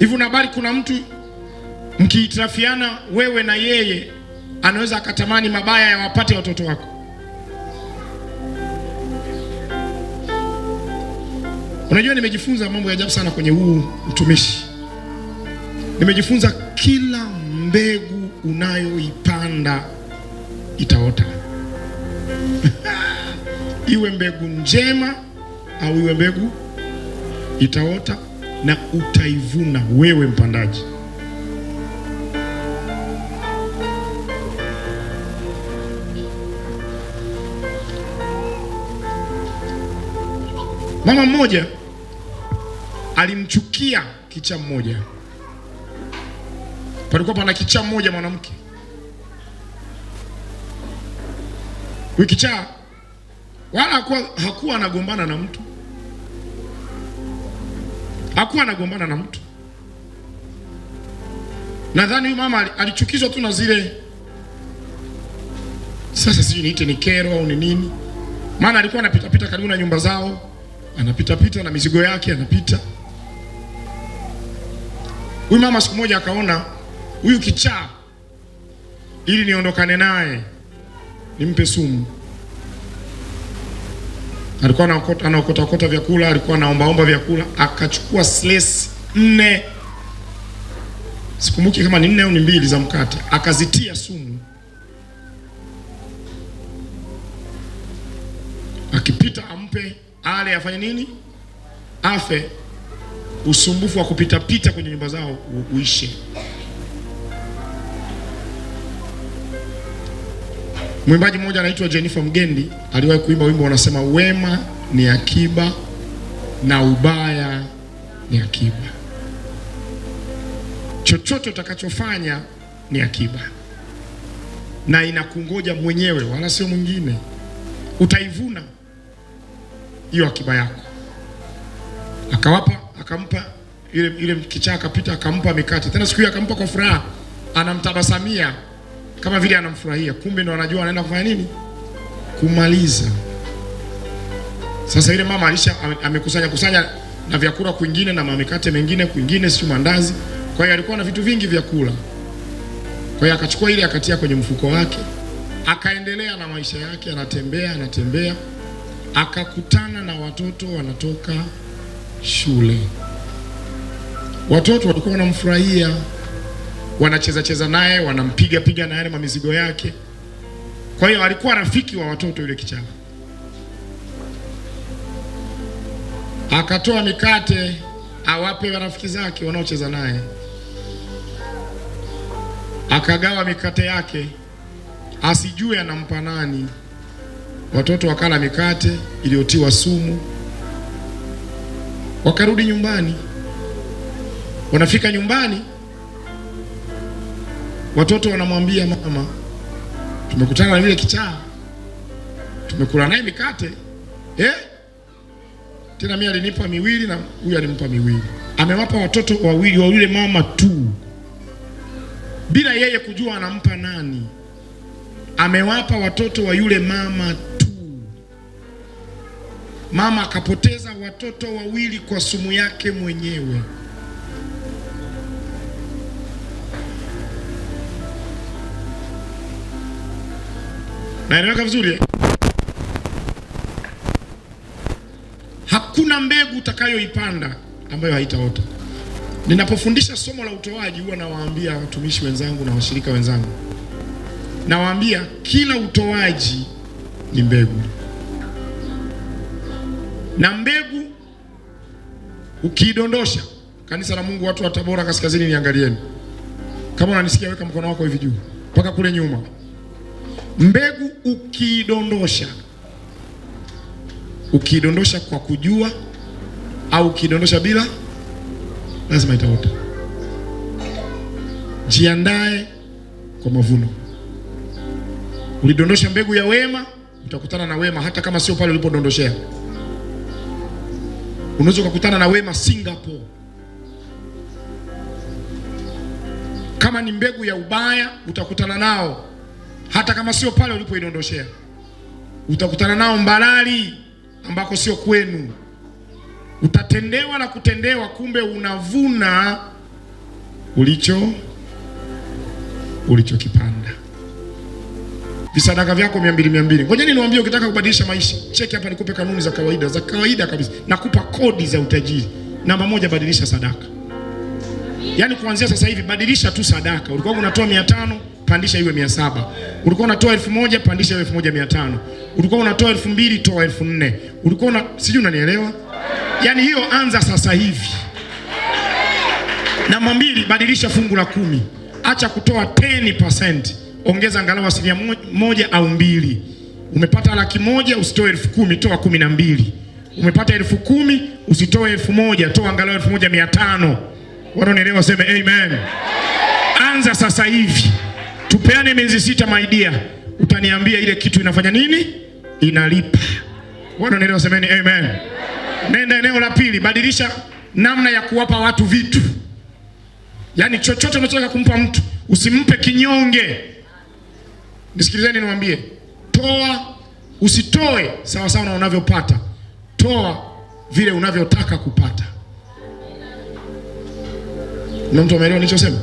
Hivi nabari kuna mtu mkiitrafiana wewe na yeye anaweza akatamani mabaya yawapate watoto wako? Unajua, nimejifunza mambo ya ajabu sana kwenye huu utumishi. Nimejifunza kila mbegu unayoipanda itaota iwe mbegu njema au iwe mbegu itaota na utaivuna wewe mpandaji. Mama mmoja alimchukia kichaa mmoja. Palikuwa pana kichaa mmoja mwanamke. Huyu kichaa wala hakuwa anagombana na mtu hakuwa anagombana na mtu. Nadhani huyu mama alichukizwa tu na zile, sasa sijui niite ni kero au ni nini, maana alikuwa anapitapita karibu na nyumba zao, anapitapita na mizigo yake anapita. Huyu mama siku moja akaona huyu kichaa, ili niondokane naye nimpe sumu alikuwa anaokotakota vyakula, alikuwa anaombaomba vyakula, akachukua sles nne, sikumbuki kama ni nne au ni mbili za mkate, akazitia sumu. Akipita ampe ale, afanye nini, afe. Usumbufu wa kupitapita kwenye nyumba zao uishe. Mwimbaji mmoja anaitwa Jennifer Mgendi aliwahi kuimba wimbo wanasema, wema ni akiba na ubaya ni akiba. Chochote utakachofanya ni akiba na inakungoja mwenyewe, wala sio mwingine. Utaivuna hiyo akiba yako. Akawapa, akampa ile ile kichaa, akapita akampa mikate tena, siku hiyo akampa kwa furaha, anamtabasamia kama vile anamfurahia, kumbe ndo anajua anaenda kufanya nini, kumaliza. Sasa ile mama alisha amekusanya kusanya na vyakula kwingine na mamikate mengine kwingine, sio mandazi. Kwa hiyo alikuwa na vitu vingi vya kula. Kwa hiyo akachukua ile akatia kwenye mfuko wake, akaendelea na maisha yake, anatembea anatembea, akakutana na watoto wanatoka shule. Watoto walikuwa wanamfurahia wanacheza cheza naye, wanampiga piga na yale mamizigo yake. Kwa hiyo alikuwa rafiki wa watoto yule kichana. Akatoa mikate awape rafiki zake wanaocheza naye, akagawa mikate yake asijue anampa nani. Watoto wakala mikate iliyotiwa sumu, wakarudi nyumbani. Wanafika nyumbani watoto wanamwambia mama, tumekutana na yule kichaa, tumekula naye mikate eh? Tena mimi alinipa miwili na huyu alimpa miwili. Amewapa watoto wawili wa yule mama tu, bila yeye kujua anampa nani. Amewapa watoto wa yule mama tu. Mama akapoteza watoto wawili kwa sumu yake mwenyewe. Naeleweka vizuri eh? Hakuna mbegu utakayoipanda ambayo haitaota. Ninapofundisha somo la utoaji, huwa nawaambia watumishi wenzangu na washirika wenzangu, nawaambia kila utoaji ni mbegu, na mbegu ukiidondosha, kanisa la Mungu, watu wa Tabora Kaskazini, niangalieni kama unanisikia, weka mkono wako hivi juu mpaka kule nyuma Mbegu ukiidondosha, ukiidondosha kwa kujua au ukiidondosha bila, lazima itaota. Jiandae kwa mavuno. Ulidondosha mbegu ya wema, utakutana na wema, hata kama sio pale ulipodondoshea. Unaweza ukakutana na wema Singapore. Kama ni mbegu ya ubaya, utakutana nao hata kama sio pale ulipoidondoshea. Utakutana nao Mbalali ambako sio kwenu, utatendewa na kutendewa, kumbe unavuna ulicho ulichokipanda. Visadaka vyako mia mbili mia mbili. ni niwaambie, ukitaka kubadilisha maisha, cheki hapa, nikupe kanuni za kawaida za kawaida kabisa, nakupa kodi za utajiri. Namba moja, badilisha sadaka. Yaani kuanzia sasa hivi badilisha tu sadaka. Ulikuwa unatoa mia tano pandisha iwe mia saba. Ulikuwa unatoa elfu moja pandisha iwe elfu moja mia tano. Ulikuwa unatoa elfu mbili toa elfu nne. Ulikuwa una sijui, unanielewa? Yaani hiyo anza sasa hivi. Namba mbili, badilisha fungu la kumi. Acha kutoa 10%, ongeza angalau asilimia moja au mbili. Umepata laki moja usitoe elfu kumi, toa kumi na mbili. Umepata elfu kumi usitoe elfu moja, toa angalau elfu moja mia tano. Wanaonielewa sema amen. Anza sasa hivi tupeane miezi sita, my dear, utaniambia ile kitu inafanya nini, inalipa. Wanaelewa? Semeni amen. Nenda eneo la pili, badilisha namna ya kuwapa watu vitu. Yaani chochote unachotaka kumpa mtu usimpe kinyonge. Nisikilizeni niwaambie, toa, usitoe sawa sawa na unavyopata, toa vile unavyotaka kupata. Na mtu ameelewa nilichosema?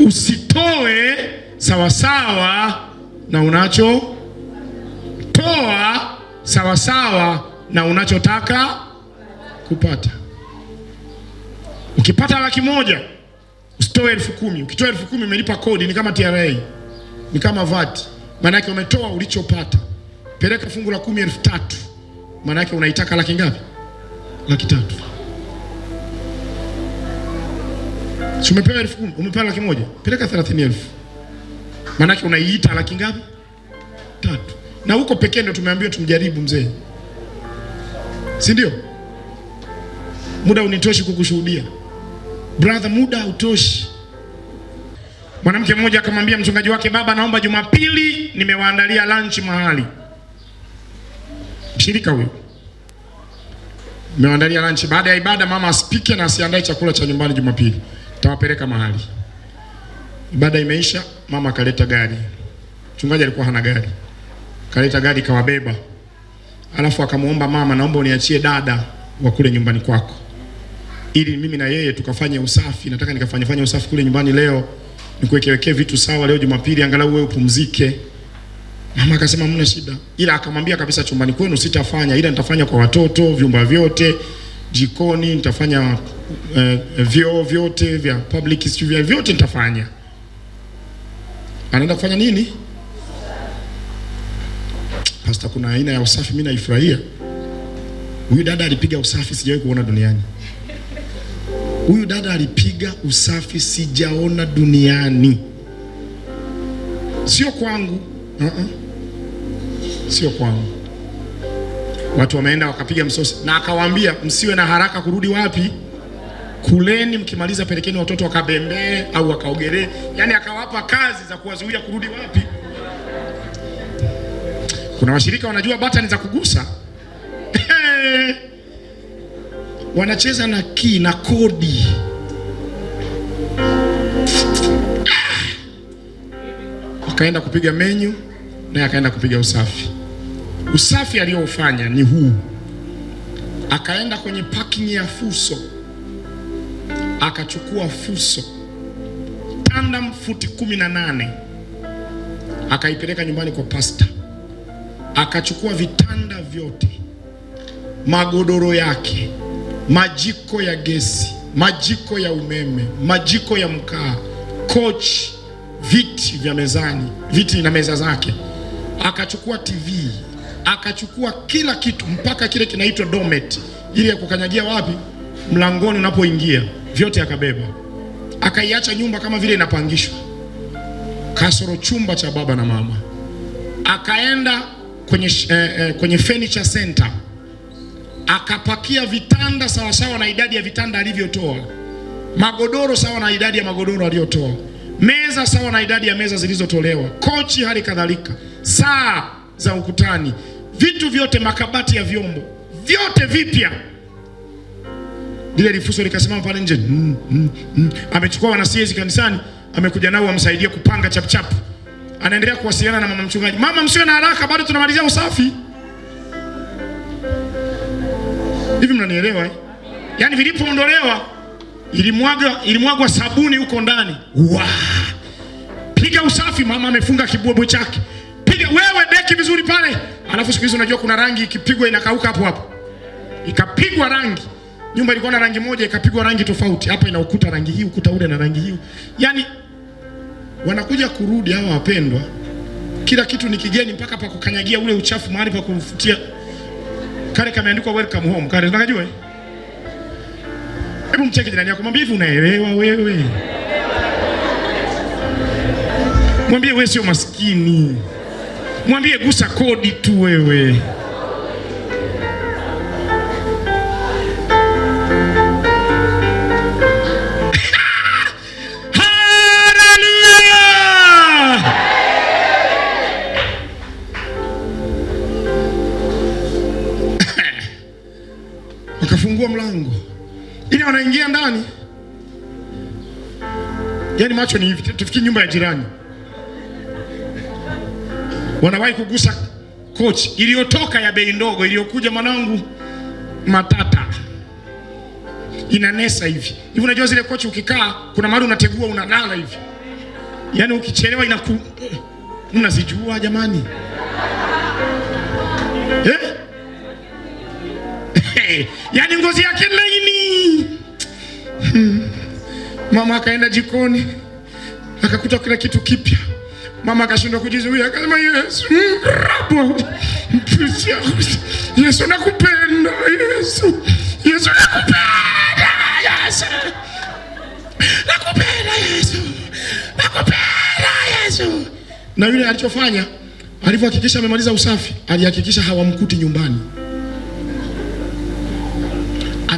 Usitoe sawasawa na unachotoa, sawasawa na unachotaka kupata. Ukipata laki moja usitoe elfu kumi. Ukitoa elfu kumi umelipa kodi, ni kama TRA, ni kama VAT, yake umetoa ulichopata. Peleka fungu la kumi elfu tatu, yake unaitaka laki ngapi? Laki tatu. Si umepewa elfu kumi, umepewa laki moja, peleka thelathini elfu Maanake unaiita laki ngapi? Tatu. Na huko pekee ndo tumeambiwa tumjaribu mzee, si ndio? Muda unitoshi kukushuhudia brother, muda utoshi. Mwanamke mmoja akamwambia mchungaji wake, baba, naomba Jumapili nimewaandalia lunch mahali. Mshirika huyo nimewaandalia lunch, baada ya ibada mama asipike na asiandae chakula cha nyumbani Jumapili, tawapeleka mahali Ibada imeisha, mama akaleta gari. Mchungaji alikuwa hana gari, kaleta gari kawabeba, alafu akamwomba mama, naomba uniachie dada wa kule nyumbani kwako, ili mimi na yeye tukafanye usafi. Nataka nikafanye fanye usafi kule nyumbani leo, nikuwekewekee vitu sawa, leo Jumapili angalau wewe upumzike. Mama akasema mna shida, ila akamwambia kabisa, chumbani kwenu sitafanya, ila nitafanya kwa watoto, vyumba vyote, jikoni nitafanya, eh, vyoo vyote vya public, vyote nitafanya anaenda kufanya nini? Pasta, kuna aina ya usafi mimi naifurahia. Huyu dada alipiga usafi sijawahi kuona duniani. Huyu dada alipiga usafi sijaona duniani, sio kwangu uh -uh. Sio kwangu. Watu wameenda wakapiga msosi, na akawaambia msiwe na haraka kurudi wapi kuleni, mkimaliza pelekeni watoto wakabembee au wakaogelee, yani akawapa kazi za kuwazuia kurudi wapi. Kuna washirika wanajua batani za kugusa wanacheza na kii na kodi wakaenda kupiga menyu naye akaenda kupiga usafi. Usafi aliyofanya ni huu, akaenda kwenye parking ya Fuso akachukua fuso tandam futi kumi na nane akaipeleka nyumbani kwa pasta, akachukua vitanda vyote, magodoro yake, majiko ya gesi, majiko ya umeme, majiko ya mkaa, kochi, viti vya mezani, viti na meza zake, akachukua TV, akachukua kila kitu mpaka kile kinaitwa domet, ili ya kukanyagia wapi, mlangoni unapoingia vyote akabeba, akaiacha nyumba kama vile inapangishwa, kasoro chumba cha baba na mama. Akaenda kwenye, eh, eh, kwenye furniture center akapakia vitanda sawasawa na idadi ya vitanda alivyotoa, magodoro sawa na idadi ya magodoro aliyotoa, meza sawa na idadi ya meza zilizotolewa, kochi hali kadhalika, saa za ukutani, vitu vyote, makabati ya vyombo vyote vipya lile lifuso likasimama pale nje mm, mm, mm. Amechukua wanasiezi kanisani, amekuja nao amsaidie kupanga chapchap. Anaendelea kuwasiliana na mama mchungaji, mama, msiwe na haraka, bado tunamalizia usafi. Hivi mnanielewa eh? Yaani vilipoondolewa ilimwaga ilimwagwa sabuni huko ndani wa Piga usafi, mama amefunga kibwebwe chake, piga wewe deki vizuri pale. Alafu siku hizi unajua kuna rangi ikipigwa inakauka hapo hapo, ikapigwa rangi Nyumba ilikuwa na rangi moja ikapigwa rangi tofauti, hapa ina ukuta rangi hii, ukuta ule na rangi hii. Yaani wanakuja kurudi hawa wapendwa, kila kitu ni kigeni, mpaka pa kukanyagia ule uchafu, mahali pa kumfutia kale kameandikwa welcome home kale, unajua eh? Hebu mcheke jirani yako, mwambie hivi, unaelewa wewe? Mwambie wewe sio maskini, mwambie gusa kodi tu wewe. wanafungua mlango ili wanaingia ndani. Yaani macho ni hivi, tufikie nyumba ya jirani, wanawahi kugusa kochi iliyotoka ya bei ndogo iliyokuja, mwanangu, matata inanesa hivi hivi. Unajua zile kochi ukikaa, kuna mahali unategua unalala hivi, yaani ukichelewa inaku mnazijua jamani eh? yaani ngozi yake laini. Hmm. Mama akaenda jikoni akakuta kuna kitu kipya. Mama akashindwa kujizuia, akasema Yesu, Rabu, Yesu nakupenda, Yesu, Yesu nakupenda, Yesu nakupenda, Yesu nakupenda, Yesu. Na yule alichofanya alivyohakikisha amemaliza usafi, alihakikisha hawamkuti nyumbani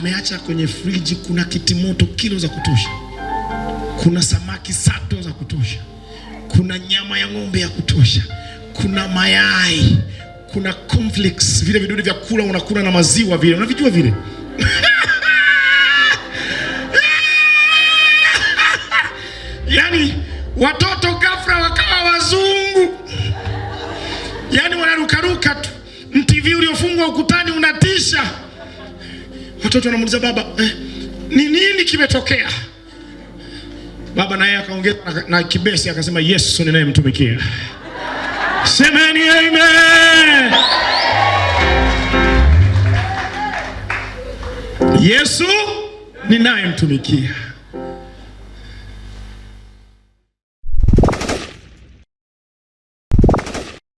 ameacha kwenye friji kuna kitimoto kilo za kutosha, kuna samaki sato za kutosha, kuna nyama ya ng'ombe ya kutosha, kuna mayai, kuna conflicts, vile vidude vya kula unakula na maziwa vile unavijua vile yani watoto ghafla wakawa wazungu, yani wanarukaruka tu. MTV uliofungwa ukutani unatisha. Watoto wanamuuliza baba, eh, ni nini kimetokea? Baba naye akaongeza na, na kibesi akasema Yesu ninayemtumikia. Semeni amen. Yesu ninayemtumikia.